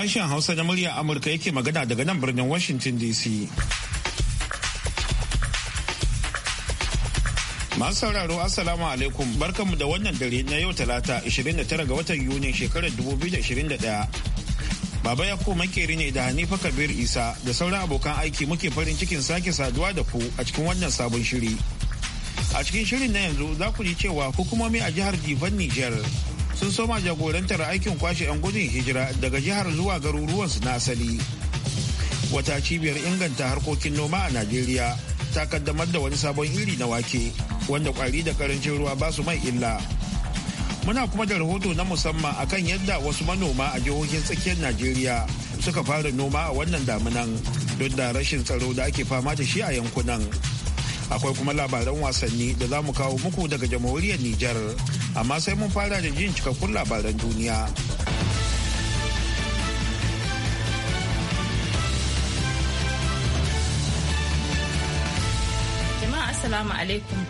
Sashen Hausa na murya Amurka yake magana daga nan birnin Washington DC. Masu sauraro Assalamu alaikum barkanmu da wannan dare na yau talata 29 ga watan Yuni shekarar 2021. Baba ya ko makeri ne da Hanifa Kabir Isa da sauran abokan aiki muke farin cikin sake saduwa da ku a cikin wannan sabon shiri. A cikin shirin na yanzu za ku ji cewa hukumomi a jihar Jifan niger sun soma jagorantar aikin kwashe 'yan gudun hijira daga jihar zuwa garuruwan su na asali. Wata cibiyar inganta harkokin noma a Najeriya ta kaddamar da wani sabon iri na wake wanda kwari da karancin ruwa ba su mai illa. Muna kuma da rahoto na musamman akan yadda wasu manoma a jihohin tsakiyar Najeriya suka fara noma a wannan damunan don da rashin tsaro da ake fama da shi a yankunan. akwai kuma labaran wasanni da za mu kawo muku daga jamhuriyar Nijar amma sai mun fara da jin cikakkun labaran duniya. Jama'a Assalamu alaikum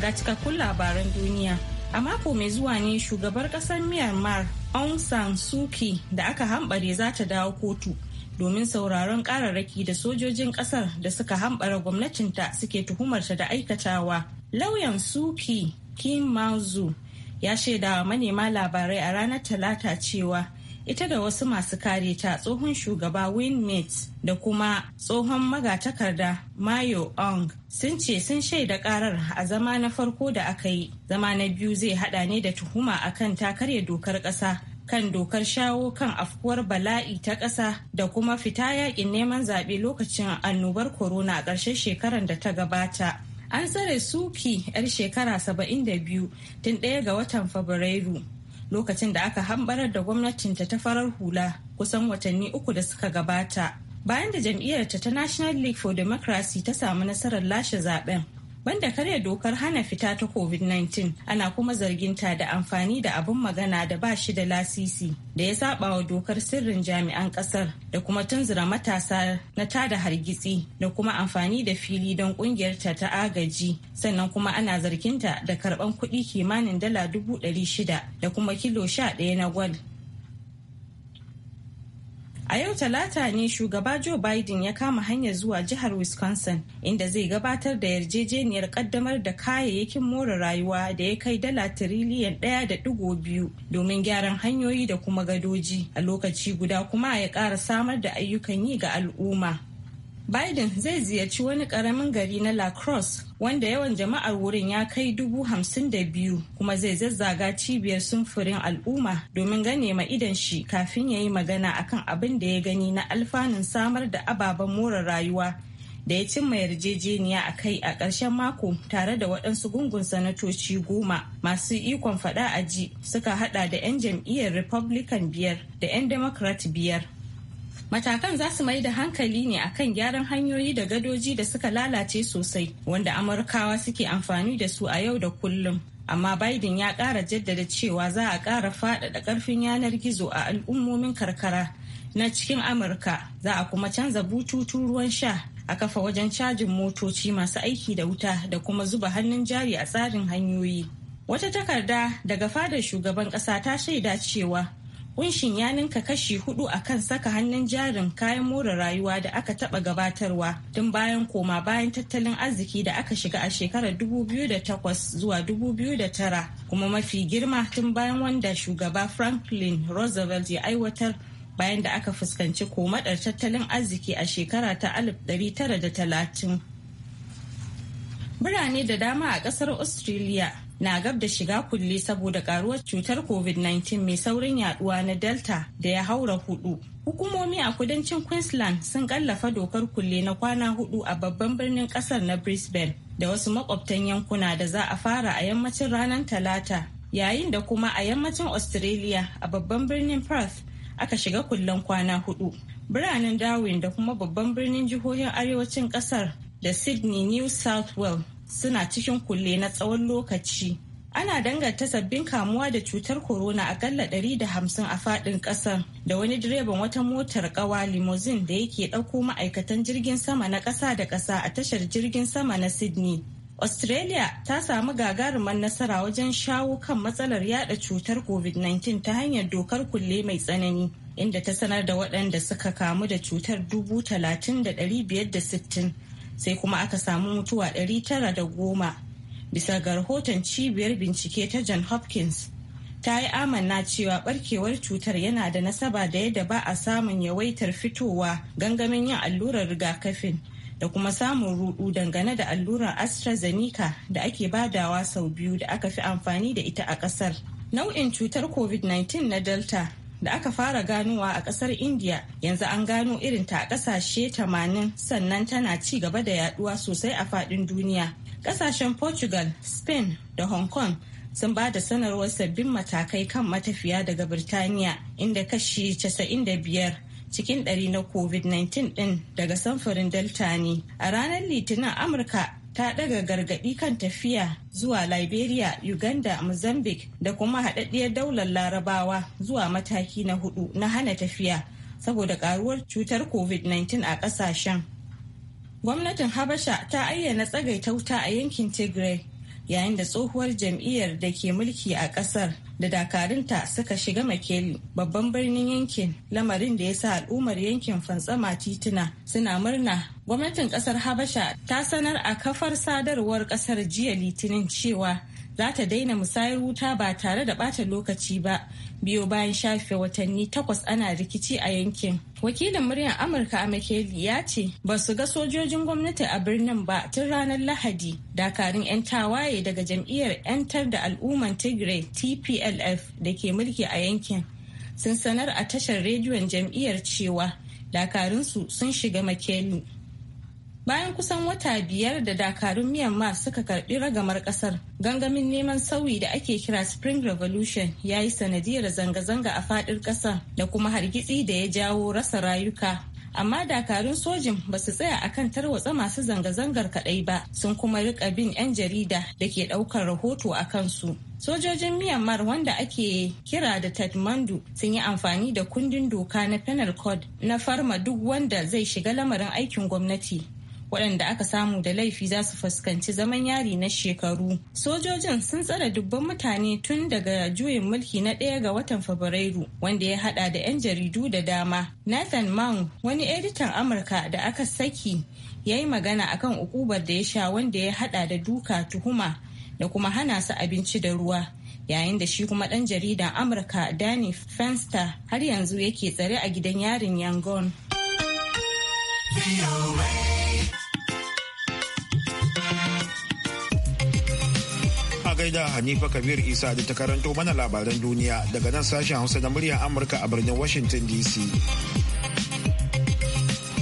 ga cikakkun labaran duniya. A mako mai zuwa ne shugabar kasar Myanmar Aung San Suu Kyi da aka hambare za ta dawo kotu domin sauraron kararraki da sojojin kasar da suka hambara gwamnatinta suke tuhumarta da aikatawa lauyan suki kim mazu ya shaida wa manema labarai a ranar talata cewa ita da wasu masu kare ta tsohon shugaba winmate da kuma tsohon magatakarda mayo ong sun ce sun shaida karar a zama na farko da aka yi zama na biyu zai hada ne da tuhuma akan ta karya dokar kasa kan dokar shawo kan afkuwar bala'i ta ƙasa da kuma fita yakin neman zaɓe lokacin annobar corona a ƙarshen shekarar da ta gabata. An tsare Suki 'yar shekara 72 tun ɗaya ga watan Fabrairu lokacin da aka hambarar da gwamnatinta ta farar hula kusan watanni uku da suka gabata. Bayan da jam'iyyarta ta National League for Democracy ta samu nasarar lashe zaben banda karya dokar hana fita ta covid-19 ana kuma zarginta da amfani da abin magana da ba shi da lasisi da ya saba wa dokar sirrin jami'an kasar da kuma tunzura matasa na tada hargitsi da kuma amfani da fili don kungiyarta ta agaji sannan kuma ana zarginta da karban kuɗi kimanin dala dubu ɗari shida da kuma kilo sha ɗaya na gwal A yau talata ne shugaba Joe Biden ya kama hanya zuwa jihar Wisconsin inda zai gabatar da yarjejeniyar kaddamar da kayayyakin more rayuwa da ya kai dala tiriliyan ɗaya da ɗigo biyu domin gyaran hanyoyi da kuma gadoji a lokaci guda kuma ya ƙara samar da ayyukan yi ga al'umma. Biden zai ziyarci wani ƙaramin gari na La Crosse wanda yawan jama'ar wurin ya kai dubu hamsin da biyu kuma zai zazzaga cibiyar sumfurin al'umma domin gane ma idan shi kafin ya yi magana akan abin da ya gani na alfanun samar da ababen more rayuwa da ya cimma yarjejeniya a kai a ƙarshen mako tare da waɗansu gungun sanatoci goma masu ikon faɗa a ji suka haɗa da 'yan jam'iyyar republican biyar da 'yan democrat biyar Matakan za su mai da hankali ne akan gyaran hanyoyi da gadoji da suka lalace sosai wanda Amurkawa suke amfani da su a yau da kullum. Amma Biden ya ƙara jaddada cewa za a ƙara faɗaɗa ƙarfin yanar gizo a al'ummomin karkara na cikin Amurka za a kuma canza bututun ruwan sha a kafa wajen cajin motoci masu aiki da wuta da kuma zuba hannun jari a tsarin hanyoyi. Wata takarda daga fadar shugaban ƙasa ta shaida cewa kunshin ya ninka kashi hudu a kan saka hannun jarin kayan more rayuwa da aka taba gabatarwa tun bayan koma bayan tattalin arziki da aka shiga a shekarar 2008 zuwa 2009 kuma mafi girma tun bayan wanda shugaba franklin roosevelt ya aiwatar bayan da aka fuskanci komadar tattalin arziki a shekara ta 1930 birane da dama a kasar australia na gab da shiga kulle saboda karuwar cutar covid-19 mai saurin yaduwa na delta da ya haura hudu hukumomi a kudancin queensland sun kallafa dokar kulle na kwana hudu a babban birnin kasar na brisbane da wasu makwabtan yankuna da za a fara a yammacin ranar talata yayin da kuma a yammacin australia a babban birnin perth aka shiga kullen kwana hudu biranen darwin da kuma babban birnin jihohin arewacin kasar da sydney new south wales suna cikin kulle na tsawon lokaci. Ana danganta sabbin kamuwa da cutar corona akalla 150 a faɗin kasar da wani direban wata motar ƙawa limousine da yake ɗauko ma'aikatan jirgin sama na ƙasa da ƙasa a tashar jirgin sama na Sydney. Australia ta samu gagarumar nasara wajen shawo kan matsalar yada cutar COVID-19 ta hanyar dokar kulle mai tsanani, inda ta sanar da waɗanda suka kamu da cutar sai kuma aka samu mutuwa 910 bisa ga rahoton cibiyar bincike ta john hopkins ta yi amanna cewa barkewar cutar yana da nasaba da yadda ba a samun yawaitar fitowa gangamin yin allurar rigakafin da kuma samun rudu dangane da allurar astrazeneca da ake badawa sau biyu da aka fi amfani da ita a kasar nau'in cutar covid-19 na delta da aka fara ganowa a kasar india yanzu an gano irin ta a kasashe 80 sannan tana ci gaba da yaduwa sosai a fadin duniya kasashen portugal spain da hong kong sun ba da sanarwar sabbin matakai kan matafiya daga birtaniya inda kashi 95 cikin ɗari na covid-19 ɗin daga samfurin delta ne a ranar litinin amurka ta daga gargaɗi kan tafiya zuwa liberia uganda mozambique da kuma haɗaɗɗiyar daular larabawa zuwa mataki na hudu na hana tafiya saboda karuwar cutar covid-19 a ƙasashen gwamnatin habasha ta ayyana tsagaita wuta a yankin tigray yayin da tsohuwar jam'iyyar da ke mulki a kasar da dakarunta suka shiga makeli babban birnin yankin lamarin da ya sa al'ummar yankin fantsama tituna suna murna gwamnatin kasar habasha ta sanar a kafar sadarwar kasar jiya litinin cewa za ta daina musayar wuta ba tare da bata lokaci ba biyo bayan shafe watanni takwas ana rikici a yankin wakilin muryar amurka a makeli ya ce ba su ga sojojin gwamnati a birnin ba tun ranar lahadi dakarun 'yan tawaye daga jam'iyyar 'yantar da al'umman tigray tplf da ke mulki a yankin sun sanar a tashar rediyon jam'iyyar cewa dakarunsu sun shiga makeli bayan kusan wata biyar da dakarun myanmar suka karbi ragamar kasar gangamin neman sauyi da ake kira spring revolution ya yi sanadiyar zanga-zanga a fadin kasar da kuma hargitsi da ya jawo rasa rayuka amma dakarun sojin ba su tsaya akan tarwatsa masu zanga-zangar kadai ba sun kuma rika bin 'yan jarida da ke daukar rahoto a kansu sojojin myanmar wanda ake kira da ted sun yi amfani da kundin doka na penal code na farma duk wanda zai shiga lamarin aikin gwamnati waɗanda aka samu da laifi za su fuskanci zaman yari na shekaru sojojin sun tsare dubban mutane tun daga juyin mulki na ɗaya ga watan fabrairu wanda ya haɗa da 'yan jaridu da dama nathan Mang, wani editan amurka da aka saki ya yi magana akan ukubar da ya sha wanda ya haɗa da duka tuhuma da kuma hana su abinci da ruwa yayin da shi kuma ɗan jaridan amurka danny fenster har yanzu yake tsare a gidan yarin yangon. gaida Hanifa Kabir Isa da ta karanto mana labaran duniya daga nan sashen Hausa da muryar Amurka a birnin Washington DC.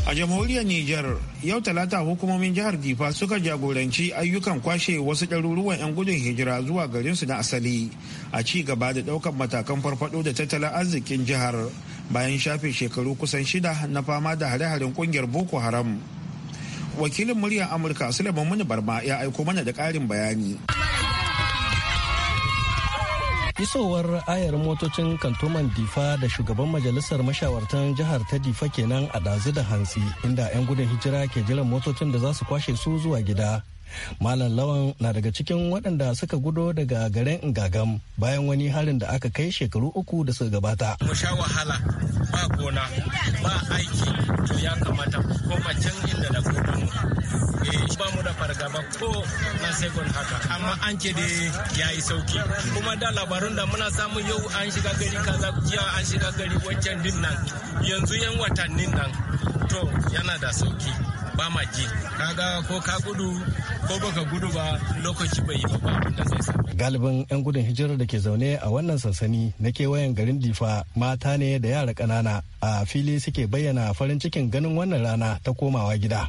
A jamhuriyar Nijar, yau talata hukumomin jihar Difa suka jagoranci ayyukan kwashe wasu ɗaruruwan 'yan gudun hijira zuwa garinsu na asali a ci gaba da ɗaukar matakan farfado da tattalin arzikin jihar bayan shafe shekaru kusan shida na fama da hare-haren ƙungiyar Boko Haram. wakilin muryar amurka suleiman Muni barma ya aiko mana da ƙarin bayani Isowar ayar motocin kantoman Difa da shugaban majalisar mashawartan jihar ta Difa kenan a ɗazu da hantsi inda 'yan gudun hijira ke jiran motocin da za su kwashe su zuwa gida Malam Lawan na daga cikin waɗanda suka gudo daga garin Ngagam bayan wani harin da aka kai shekaru uku da suka gabata. Mu sha wahala ba gona ba aiki to ya kamata ko macen inda da eh ba mu da fargaba ko na second haka amma an ce da ya yi sauki kuma da labarun da muna samu yau an shiga gari kaza jiya an shiga gari wancan din nan yanzu yan watannin nan to yana da sauki. ba ma ji kaga ko ka gudu ko baka gudu ba lokaci bai yi ba da zai sa galibin yan gudun hijirar da ke zaune a wannan sansani na kewayen garin difa mata ne da yara kanana a fili suke bayyana farin cikin ganin wannan rana ta komawa gida.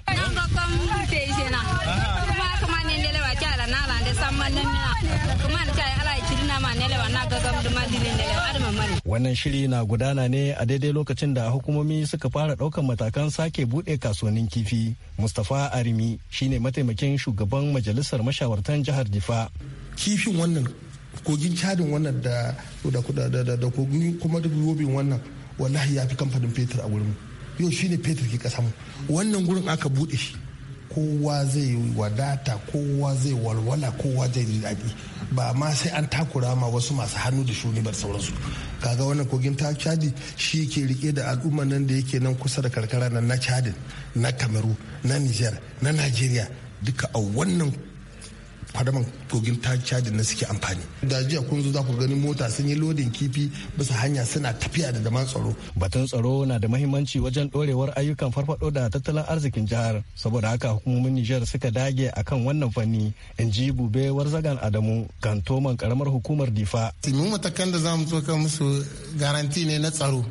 Wannan shiri na gudana ne a daidai lokacin da hukumomi suka fara ɗaukan matakan sake bude kasuwannin kifi. Mustapha Arimi shine mataimakin shugaban majalisar mashawartan jihar Difa. Kifin wannan kogin cadin wannan da kogin kuma da robin wannan wallahi ya fi kamfanin fetur a wurin yau shine fetur ke kasa mu wannan gurin aka bude shi kowa zai wadata kowa zai walwala kowa zai yi daɗi ba ma sai an takura ma wasu masu hannu da shuni bar sauransu kaga wannan kogin ta chadi shi ke rike da al'umman nan da yake nan kusa da karkara na chadin na kamaru na niger na nigeria duka a wannan fadaman kogin caji na suke amfani da jiya kun zo za ku gani mota sun yi lodin kifi bisa hanya suna tafiya da zaman tsaro batun tsaro na da mahimmanci wajen dorewar ayyukan farfado da tattalin arzikin jihar saboda haka hukumomin nijar suka dage akan wannan fanni in ji bube warzagan adamu kantoman karamar hukumar difa matakan da za mu tsoka musu garanti ne na tsaro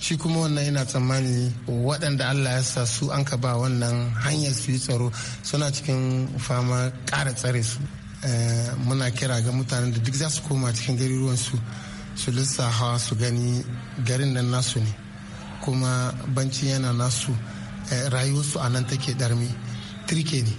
shi kuma wannan yana tsammani waɗanda allah ya sa su an ka ba wannan hanyar su yi tsaro suna cikin fama ƙara tsare su eh, muna kira ga mutanen da duk za su koma cikin garuruwan su su hawa su gani garin nan nasu ne kuma banci yana nasu eh, rayuwarsu a nan take ɗarmi trike ne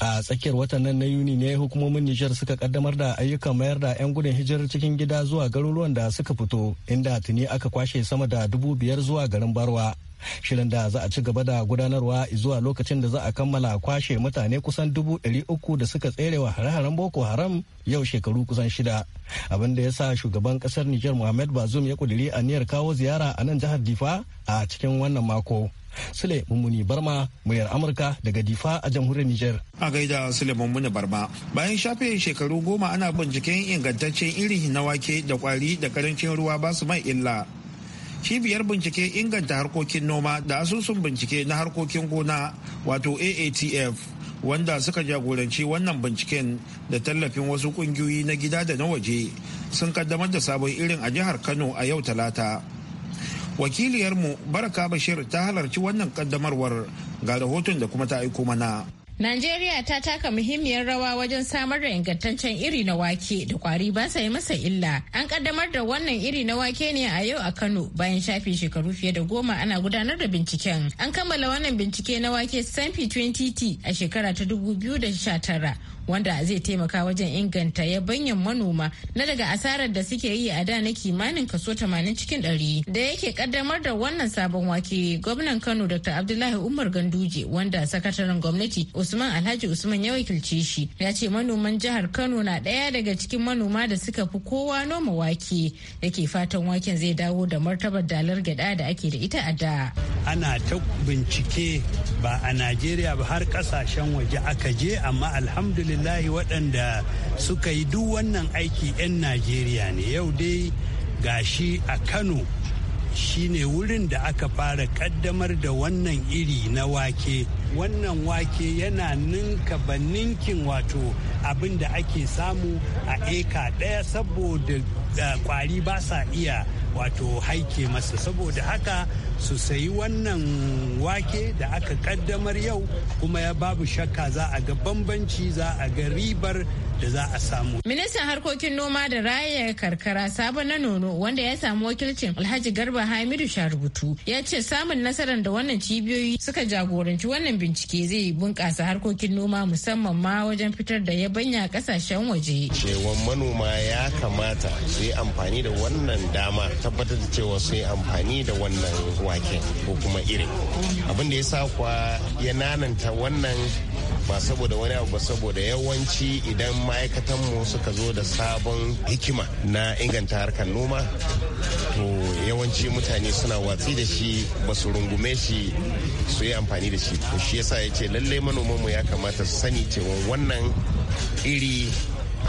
a tsakiyar watan nan na yuni ne hukumomin nijar suka kaddamar da ayyukan mayar da 'yan gudun hijirar cikin gida zuwa garuruwan da suka fito inda tuni aka kwashe sama da dubu biyar zuwa garin barwa shirin da za a ci gaba da gudanarwa zuwa lokacin da za a kammala kwashe mutane kusan dubu ɗari uku da suka tsere wa hare-haren boko haram yau shekaru kusan shida abin da ya sa shugaban kasar nijar muhammad bazum ya a aniyar kawo ziyara a nan jihar difa a cikin wannan mako Sule Mummuni Barma muryar Amurka daga Difa a jamhuriyar Nijar. A gaida Sule Mummuni Barma bayan shafe shekaru goma ana binciken ingantaccen iri na wake da kwari da karancin ruwa ba su mai illa. Cibiyar bincike inganta harkokin noma da asusun bincike na harkokin gona wato AATF wanda suka jagoranci wannan binciken da tallafin wasu kungiyoyi na gida da na waje sun kaddamar da sabon irin a jihar Kano a yau talata. wakiliyarmu baraka bashir ta halarci wannan kaddamarwar ga rahoton da kuma ta aiko mana Najeriya ta taka muhimmiyar rawa wajen samar da ingantaccen iri na wake da kwari ba sa yi masa illa. An kaddamar da wannan iri na wake ne a yau a Kano bayan shafe shekaru fiye da goma ana gudanar da binciken. An kammala wannan bincike na wake Sanfi 20T a shekara ta 2019. wanda zai taimaka wajen inganta yabanyan manoma na daga asarar da suke yi a da na kimanin kaso 80 cikin 100 da yake kaddamar da wannan sabon wake gwamnan kano dr abdullahi umar ganduje wanda sakataren gwamnati usman alhaji usman ya wakilce shi ya ce manoman jihar kano na daya daga cikin manoma da suka fi kowa noma wake da ke fatan waken zai dawo da martabar dalar gyada da ake da ita a da ana ta bincike ba a najeriya ba har kasashen waje aka je amma alhamdulillah alhamdulillahi waɗanda suka yi duk wannan aiki 'yan najeriya ne yau dai gashi a kano shine wurin da aka fara kaddamar da wannan iri na wake wannan wake yana ninka ba ninkin wato abin da ake samu a eka ɗaya saboda kwari eh, ba sa iya wato haike masa saboda haka su sayi wannan wake da aka kaddamar yau kuma ya babu shakka za a ga bambanci za a ga ribar da za a samu. Ministan harkokin noma da raya karkara sabo na nono wanda ya samu wakilcin Alhaji Garba Hamidu Sharubutu ya ce samun nasarar da wannan cibiyoyi suka jagoranci wannan bincike zai bunƙasa harkokin noma musamman ma wajen fitar da yabanya kasashen waje. Cewa manoma ya kamata su yi amfani da wannan dama tabbatar da cewa su yi amfani da wannan wake ko kuma irin. Abin da ya sa kwa ya nananta wannan ba saboda wani abu ba saboda yawanci idan ma'aikatanmu suka zo da sabon hikima na inganta harkar noma to yawanci mutane suna watsi da shi ba su rungume shi su yi amfani da shi to shi yasa ya ce lallai manomanmu ya kamata su sani cewa wannan iri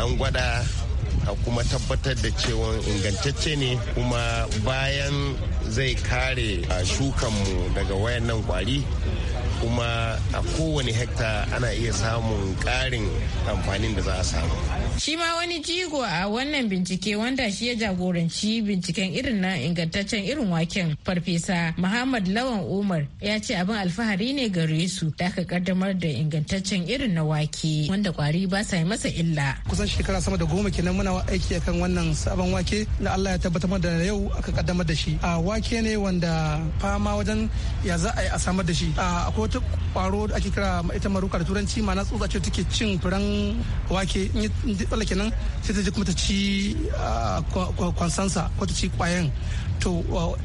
an gwada a kuma tabbatar da cewa ingantacce ne kuma bayan zai kare shukanmu daga wayannan kwari kuma a kowane hekta ana iya samun ƙarin amfanin da za a samu Shi ma wani jigo a wannan bincike wanda shi ya jagoranci binciken irin na ingantaccen irin waken farfesa Muhammad Lawan Umar ya ce abin alfahari ne gare su da aka kaddamar da ingantaccen irin na wake wanda kwari ba sa yi masa illa. Kusan shekara sama da goma kenan muna aiki akan wannan sabon wake na Allah ya tabbatar da yau aka kaddamar da shi. A wake ne wanda fama wajen ya za a yi a samar da shi. A akwai wata kwaro da ake kira ita maruka da turanci ma na tsutsa ce take cin furen wake tsallake kenan sai ta je kuma ta ci kwansansa ko ta ci kwayan to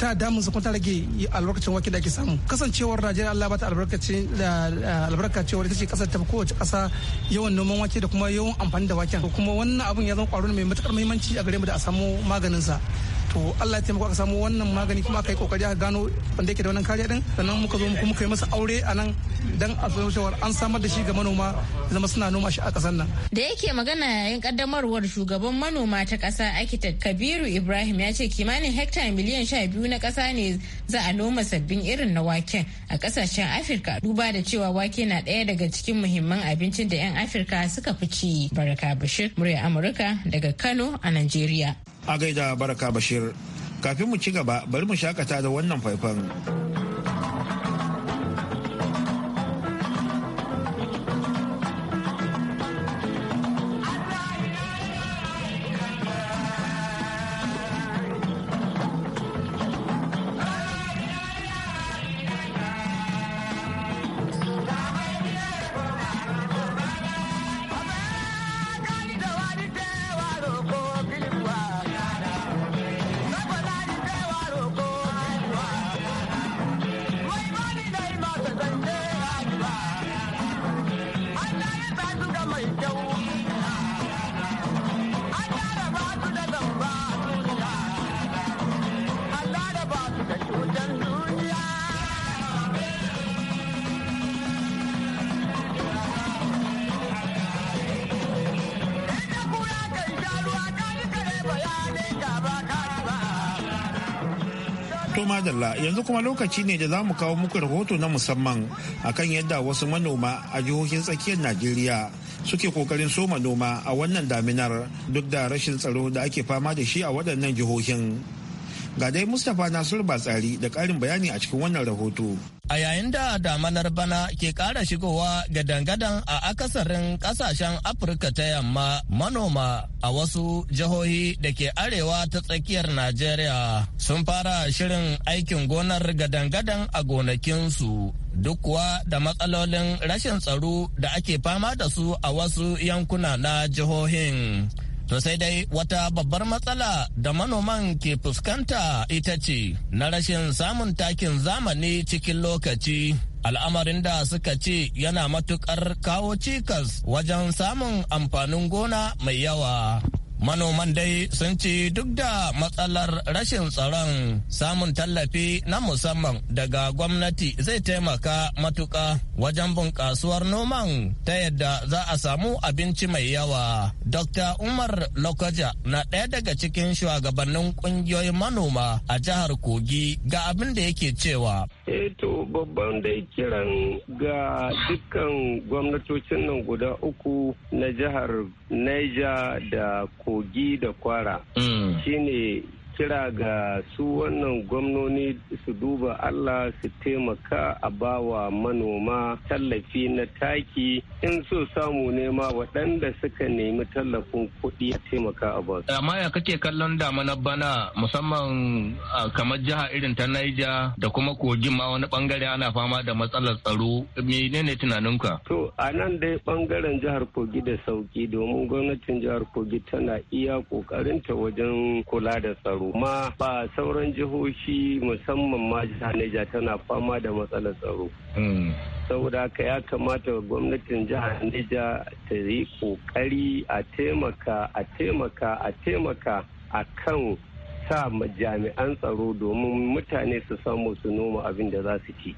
ta damun sa kuma ta rage albarkacin wake da ake samu kasancewar najeriya allah bata albarkacin albarka cewar ita ce kasar ta kowace kasa yawan noman wake da kuma yawan amfani da waken kuma wannan abun ya zama kwaro mai matukar muhimmanci a gare mu da a samu maganin sa to Allah ya taimaka ka samu wannan magani kuma aka yi kokari aka gano wanda yake da wannan kariya din sannan muka zo muka yi masa aure a nan dan a shawar an samar da shi ga manoma zama suna noma shi a kasar nan da yake magana yayin kaddamarwar shugaban manoma ta kasa Akita Kabiru Ibrahim ya ce kimanin hekta miliyan 12 na kasa ne za a noma sabbin irin na waken a kasashen Afirka duba da cewa wake na daya daga cikin muhimman abincin da 'yan Afirka suka fi ci Baraka Bashir murya Amurka daga Kano a Najeriya a gaida baraka bashir kafin mu ci gaba bari mu shakata da wannan faifan madalla yanzu kuma lokaci ne da za mu kawo muku rahoto na musamman akan yadda wasu manoma a jihohin tsakiyar Najeriya suke kokarin soma noma a wannan daminar duk da rashin tsaro da ake fama da shi a waɗannan jihohin. Ga dai Mustapha Nasiru Batsari da ƙarin bayani a cikin wannan rahoto. A yayin da damanar bana ke ƙara shigowa ga dangadan a akasarin ƙasashen Afirka ta yamma manoma a wasu jihohi da ke arewa ta tsakiyar Najeriya sun fara shirin aikin gonar gadangadan a gonakinsu. Duk kuwa da matsalolin rashin tsaro da ake fama da su a wasu yankuna na jihohin. To sai dai wata babbar matsala da manoman ke fuskanta ita ce na rashin samun takin zamani cikin lokaci. Al'amarin da suka ce yana matukar kawo cikas wajen samun amfanin gona mai yawa. Manoman dai sun ce duk da matsalar rashin tsaron samun tallafi na musamman daga gwamnati zai taimaka matuka wajen bunƙasuwar noman ta yadda za a samu abinci mai yawa. Dr. Umar Lokaja na ɗaya daga cikin shugabannin ƙungiyoyin manoma a jihar Kogi ga abin da yake cewa. Eto eh, babban da kiran ga dukkan gwamnatocin nan guda uku na jihar Niger da kogi da kwara mm. shine kira ga su wannan gwamnoni su duba Allah su taimaka a bawa manoma tallafi na taki in so samu nema waɗanda suka nemi tallafin kuɗi a taimaka a ba. Amma ya kake kallon na bana musamman kamar jiha irin ta Naija da kuma kogin ma wani bangare ana fama da matsalar tsaro menene tunaninka? To a nan dai ɓangaren jihar Kogi da sauki domin gwamnatin jihar Kogi tana iya ƙoƙarinta wajen kula da tsaro. kuma ba sauran jihohi musamman ma jihar Niger tana fama da matsalar tsaro. Hmm. saboda haka ya kamata gwamnatin jihar Niger ta yi kokari a taimaka a taimaka a taimaka a kan sa jami'an tsaro domin mutane su samu su noma abin da za su ci.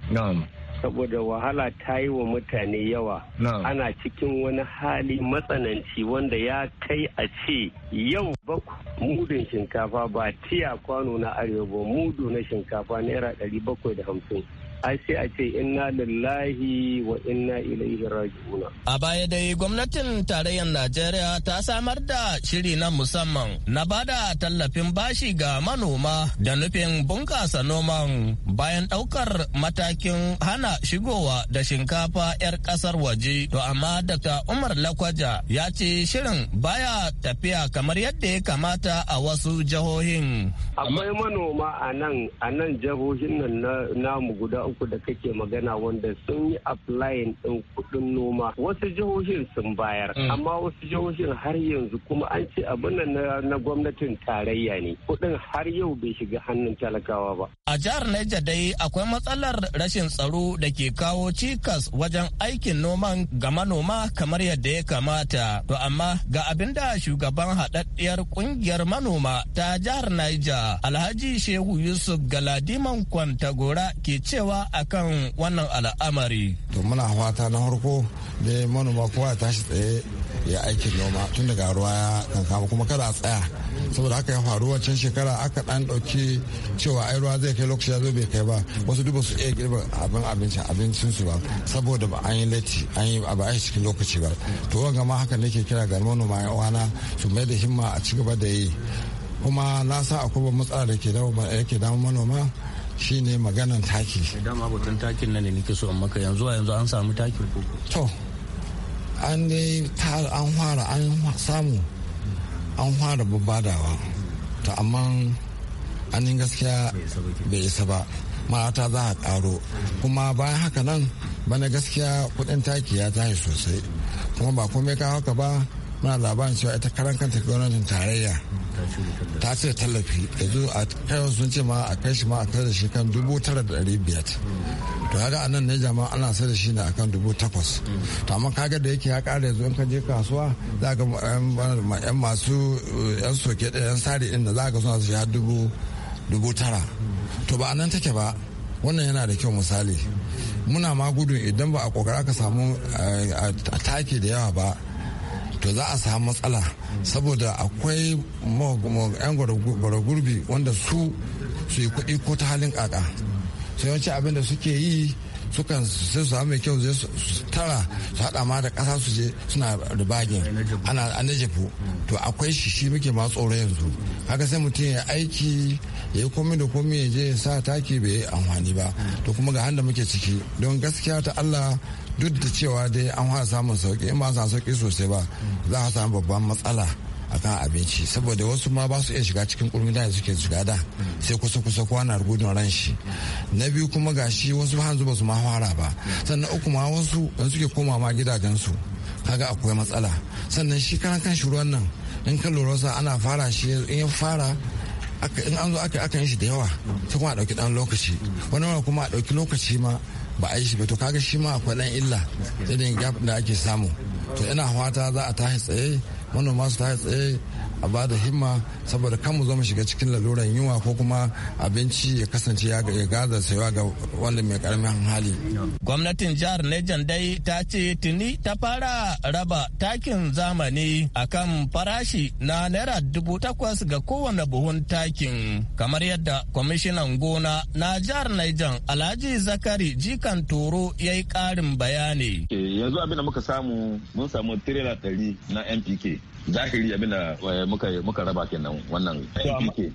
saboda wahala ta yi wa mutane yawa ana cikin wani hali matsananci wanda ya kai a ce yau mudun shinkafa ba tiya kwano na arewa ba mudu na shinkafa naira ɗari bakwai da hamsin ai sai a ce inna lillahi wa inna ilaihi raji'una. A baya dai gwamnatin tarayyar Najeriya ta samar da shiri na musamman na bada tallafin bashi ga manoma da nufin bunƙasa noman bayan ɗaukar matakin hana shigowa da shinkafa 'yar ƙasar waje. To amma Dr. Umar Lakwaja ya ce shirin baya tafiya kamar yadda ya kamata a wasu jihohin. Akwai manoma a nan jihohin nan namu guda uku da kake magana wanda sun yi applying ɗin kuɗin noma wasu jihohin sun bayar mm. amma wasu jihohin har yanzu kuma an ce abin nan na gwamnatin tarayya ne kuɗin har yau bai shiga hannun talakawa ba. A jihar Niger dai akwai matsalar rashin tsaro da ke kawo cikas wajen aikin noman ga manoma kamar yadda ya kamata. To amma ga abin da shugaban haɗaɗɗiyar ƙungiyar manoma ta jihar Niger Alhaji Shehu Yusuf Galadiman Kwantagora ke cewa a akan wannan al'amari. To muna fata na farko da manoma kowa ya tashi tsaye ya aikin noma tun daga ruwa ya kankama kuma kada a tsaya saboda haka ya faru wancan shekara aka dan dauki cewa ai ruwa zai kai lokaci ya zo bai kai ba wasu duba su iya girba abin abinci abincin su ba saboda ba an yi latti an yi ba a cikin lokaci ba to wanga ma haka nake kira ga manoma ya uwana su mai da himma a ci gaba da yi kuma na sa akwai matsala da ke damu manoma Shi ne maganan taki eh, dama abokan takin nan ne nake so in maka yanzu a yanzu an samu takin ko to an dai an fara an samu an fara babbadawa ta amma yin gaskiya bai isa ba mata za a karo kuma bayan haka nan bana gaskiya kudin taki ya tashi sosai kuma ba komai ka haka ba muna labarin cewa ita karan kanta gwamnatin tarayya ta ce tallafi yanzu a kai sun ce ma a kai shi ma a kai da shi kan dubu tara da ɗari biyar to kaga a nan ne jama'a ana sai da shi ne akan dubu takwas to amma kaga da yake ya ƙara yanzu in ka je kasuwa za ga yan masu yan eh, soke da eh, yan sari inda za ka suna su ya dubu dubu tara to ba a nan take ba wannan yana da kyau misali muna ma gudun idan ba a kokara aka samu eh, a take da yawa ba to za a samu matsala saboda akwai yan gurbi wanda su su yi kuɗi ko ta halin kaka sai yawanci abin da suke yi sukan sai su mai kyau zai tara su hada ma da kasa su je suna ribagin ana anajefu to akwai shi shi muke ma tsoro yanzu haka sai mutum ya aiki ya yi komai da komai ya je sa taki bai amfani ba to kuma ga handa muke ciki don gaskiya ta Allah duk da cewa dai an fara samun sauki in ba sa sauki sosai ba za a samu babban matsala akan abinci saboda wasu ma ba su iya shiga cikin kurmi da suke shiga da sai kusa kusa kwana na rugudun ran shi na biyu kuma gashi wasu hanzu zuba su ma fara ba sannan uku ma wasu da suke koma ma gidajensu kaga akwai matsala sannan shi kan kan shi ruwan nan in ka lura sa ana fara shi in ya fara in an zo aka aka yi shi da yawa sai kuma a dauki dan lokaci wani kuma a dauki lokaci ma ba a yi shi ba to kaga shi ma akwai dan illa da ake samu to ina fata za a tashi tsaye manoma su ta tsaye a ba da himma saboda kan mu zama shiga cikin laluran yunwa ko kuma abinci ya kasance ya gaza saiwa ga wanda mai karamin hali. Gwamnatin jihar Nejan dai ta ce tuni ta fara raba takin zamani a kan farashi na naira dubu takwas ga kowane buhun takin kamar yadda kwamishinan gona na jihar Nejan Alhaji Zakari Jikan Toro ya yi karin bayani. Eh, yanzu abin da muka samu mun samu tirela ɗari na NPK zahiri abin da eh, muka raba kenan wannan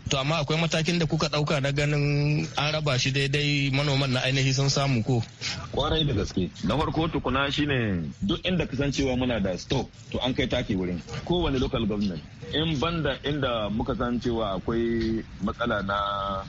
to amma akwai matakin da kuka dauka na ganin an raba shi daidai manoman na ainihi sun samu ko kwarai da gaske na farko tukuna shine duk inda kasancewa muna da stock to an kai taki wurin kowane local government in banda inda muka san cewa akwai matsala na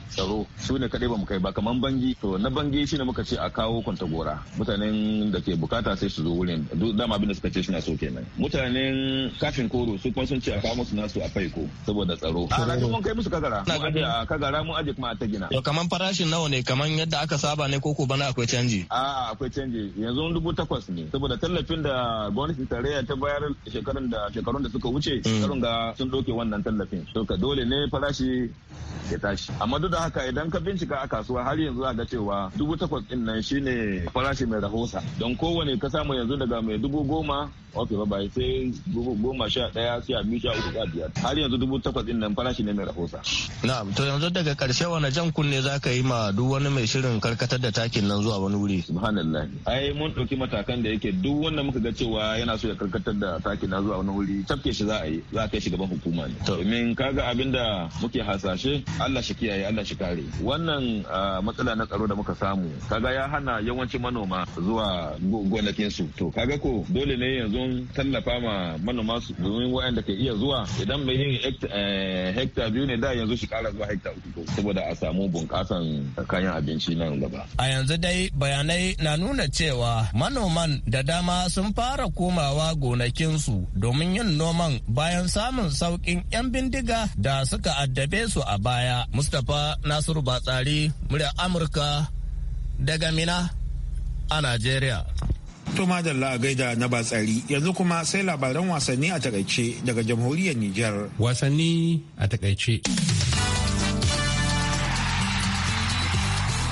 tsaro su ne kadai ba mu kai ba kamar bangi to na bangi shine muka ce a kawo kwantagora mutanen da ke bukata sai su zo wurin dama abin da suka ce suna so kenan mutanen kafin koro toro su kuma sun ce a kawo musu nasu a faiko saboda tsaro a ranar mun kai musu kagara mun aje a kagara mun aje kuma a ta gina to kaman farashin nawa ne kaman yadda aka saba ne ko ko bana akwai canji a akwai canji yanzu dubu takwas ne saboda tallafin da gwamnatin tarayya ta bayar shekarun da shekarun da suka wuce mm. shekarun ga sun doke wannan tallafin to ka dole ne farashi ya tashi amma duk da haka idan ka bincika a kasuwa har yanzu za ga cewa dubu takwas ɗin nan shine farashi mai rahusa. don kowane ka samu yanzu daga mai dubu goma ok baba, bai sai goma sha daya sai a mita uku ka biyar har yanzu dubu takwas ɗin nan farashi ne mai rahusa. N'a to yanzu daga karshe wani jan kunne za ka yi ma duk wani mai shirin karkatar da takin nan zuwa wani wuri. subhanallah ai mun ɗauki matakan da yake duk wanda muka ga cewa yana so ya karkatar da takin nan zuwa wani wuri tafke shi za a yi za a kai shi gaban hukuma ne. Min kaga abin da muke hasashe Allah shi kiyaye Allah shi kare wannan matsala na tsaro da muka samu kaga ya hana yawancin manoma zuwa gonakinsu to kaga ko dole ne yanzu don tallafa ma manoma su domin wayanda ke iya zuwa idan mai yin hekta eh, biyu ne da yanzu shi kara zuwa hekta uku saboda a samu bunƙasan kayan abinci nan gaba. A yanzu dai bayanai na nuna cewa manoman da dama sun fara komawa gonakinsu domin yin noman bayan samun sauƙin 'yan bindiga da suka addabe su a baya. Mustapha Nasiru Batsari, murya Amurka daga Mina a Najeriya. To madalla a gaida na batsari yanzu kuma sai labaran wasanni a takaice daga jamhuriyar Nijar. Wasanni a takaice.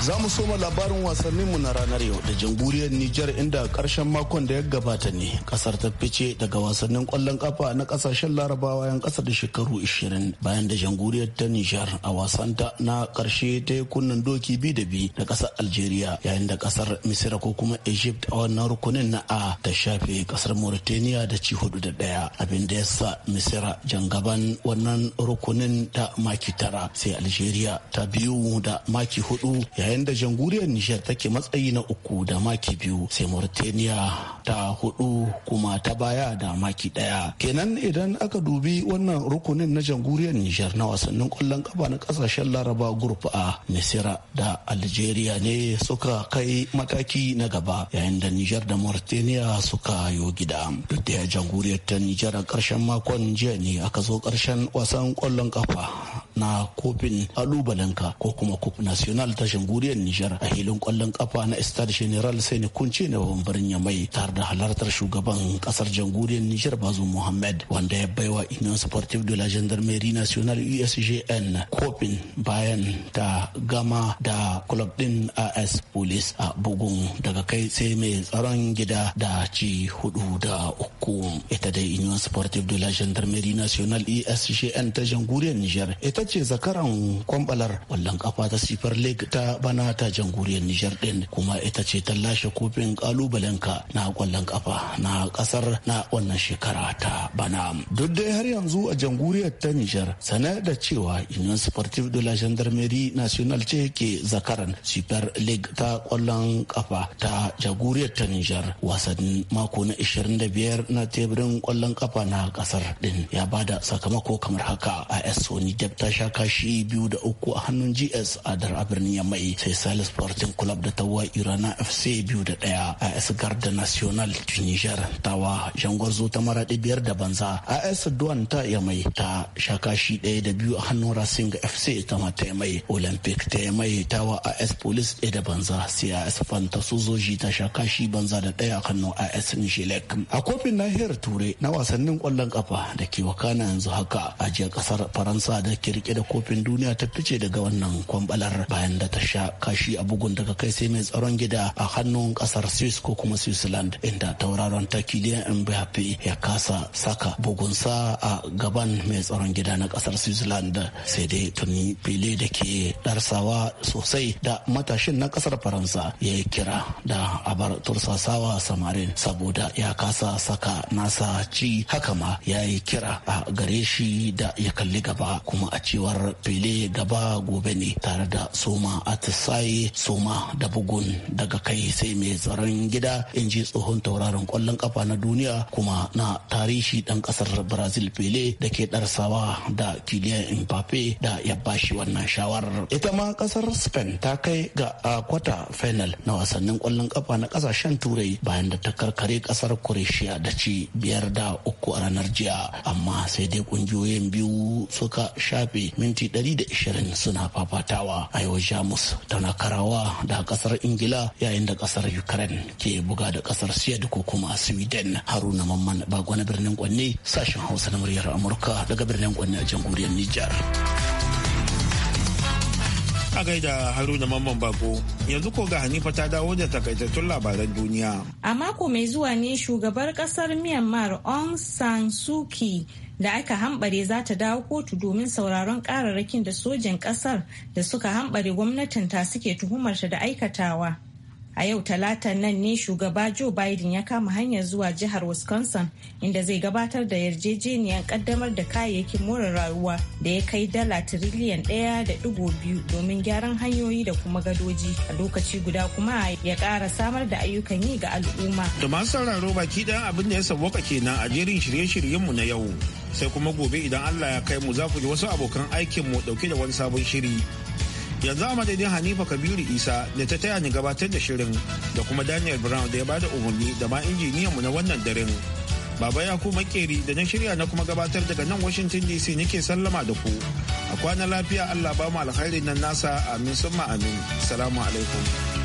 Za mu soma labarin wasanninmu na ranar yau da jamhuriyar Nijar inda karshen makon da ya gabata ne kasar ta fice daga wasannin kwallon kafa na kasashen larabawa yan kasa da shekaru 20 bayan da jamhuriyar ta Nijar a wasanta na karshe ta yi kunnen doki bi da bi da kasar Algeria yayin da kasar Misira ko kuma Egypt a wannan rukunin na A ta shafe kasar Mauritania da ci hudu da daya abin da ya sa Misira jangaban wannan rukunin ta maki tara sai Algeria ta biyu da maki hudu yayin yayin da jamhuriyar Nijar take matsayi na uku da maki biyu sai Mauritania ta hudu kuma ta baya da maki daya. Kenan idan aka dubi wannan rukunin na jamhuriyar Nijar na wasannin kwallon kafa na kasashen Laraba Group A Misira da Algeria ne suka kai mataki na gaba yayin da Nijar da Mauritania suka yo gida. Duk da jamhuriyar ta Nijar a karshen makon jiya ne aka zo karshen wasan kwallon kafa na kofin alubalenka ko kuma kofin national ta shanguriyar nijar a hilin kwallon kafa na estad general sai ni kunce na babban birnin yamai tare da halartar shugaban kasar jamhuriyar nijar bazu muhammad wanda ya baiwa union sportive de la gendarmerie nationale usgn kofin bayan ta gama da club din as police a bugun daga kai sai mai tsaron gida da ci hudu da uku ita dai union sportive de la gendarmerie nationale usgn ta jamhuriyar nijar ita ce zakaran kwambalar kwallon kafa ta sifar league ta bana ta jamhuriyar nijar din kuma ita ce ta lashe kofin kalubalenka na kwallon kafa na kasar na wannan shekara ta bana duk dai har yanzu a jamhuriyar ta nijar sanar da cewa union sportive de la gendarmerie nationale ce ke zakaran sifar league ta kwallon kafa ta jamhuriyar ta nijar wasannin mako na 25 na teburin kwallon kafa na kasar din ya bada sakamako kamar haka a sony depta sha kashi biyu da uku a hannun GS dar a birnin Yamai sai Salis Sporting Club da tawa Irana FC biyu da ɗaya s Garda National Niger tawa zo ta maraɗi biyar da banza s duwan ta Yamai ta sha kashi ɗaya da biyu a hannun Racing FC ta mata Yamai Olympic ta Yamai tawa s Police ɗaya da banza sai AS Fan ta Sozoji ta sha kashi banza da ɗaya a hannun s Nishilek. A kofin nahiyar Turai na wasannin kwallon kafa da ke wakana yanzu haka a jiya kasar Faransa da kiri rike da kofin duniya ta fice daga wannan kwambalar bayan da ta sha kashi a bugun daga kai sai mai tsaron gida a hannun kasar swiss ko kuma switzerland inda tauraron ta kiliyan mbappe ya kasa saka bugunsa a gaban mai tsaron gida na kasar switzerland sai dai tuni fili da ke darsawa sosai da matashin na kasar faransa ya yi kira da abar tursasawa samarin saboda ya kasa saka nasa ci haka ma ya yi kira a gare shi da ya kalli gaba kuma a cewar fili gaba gobe ne tare da soma atisaye soma da bugun daga kai sai mai tsaron gida in ji tsohon tauraron kwallon kafa na duniya kuma na tarihi dan kasar brazil pele da ke darsawa da kiliyan mbappe da ya bashi wannan shawarar ita ma kasar spain ta kai ga a kwata final na wasannin kwallon kafa na kasashen turai bayan da ta karkare kasar croatia da ci biyar da uku a ranar jiya amma sai dai kungiyoyin biyu suka shafe ɗari minti 120 suna fafatawa a yau jamus tana karawa da kasar ingila yayin da kasar ukraine ke buga da kasar sweden ko kuma sweden haruna mamman bago na birnin kwanne sashen hausa na muryar amurka daga birnin kwanne a jamhuriyar nijar. A gaida Haruna Mamman Bako, yanzu ko ga Hanifa ta dawo da takaitattun labaran duniya. A mako mai zuwa ne shugabar kasar Myanmar Aung San Suu Kyi da aka hambare za ta dawo kotu domin sauraron kararrakin da sojin kasar da suka hambare gwamnatin ta suke tuhumarta da aikatawa. a yau talata nan ne shugaba joe biden ya kama hanyar zuwa jihar wisconsin inda zai gabatar da yarjejeniyar kaddamar da kayayyakin more rayuwa da ya kai dala tiriliyan ɗaya da digo biyu domin gyaran hanyoyi da kuma gadoji a lokaci guda kuma ya ƙara samar da ayyukan yi ga al'umma da masu sauraro baki ɗan abin da ya sauwaka kenan a jerin shirye-shiryenmu na yau sai kuma gobe idan allah ya kai mu za ku ji wasu abokan aikinmu ɗauke da wani sabon shiri yanzu a madadin hanifa kabiru isa da ta taya ni gabatar da shirin da kuma daniel brown da ya bada umarni da ma injiniyanmu na wannan daren baba yaku makeri da na shirya na kuma gabatar daga nan washington dc nake sallama da ku a na lafiya allah ba mu alkhairin nan nasa amin summa amin salamu alaikum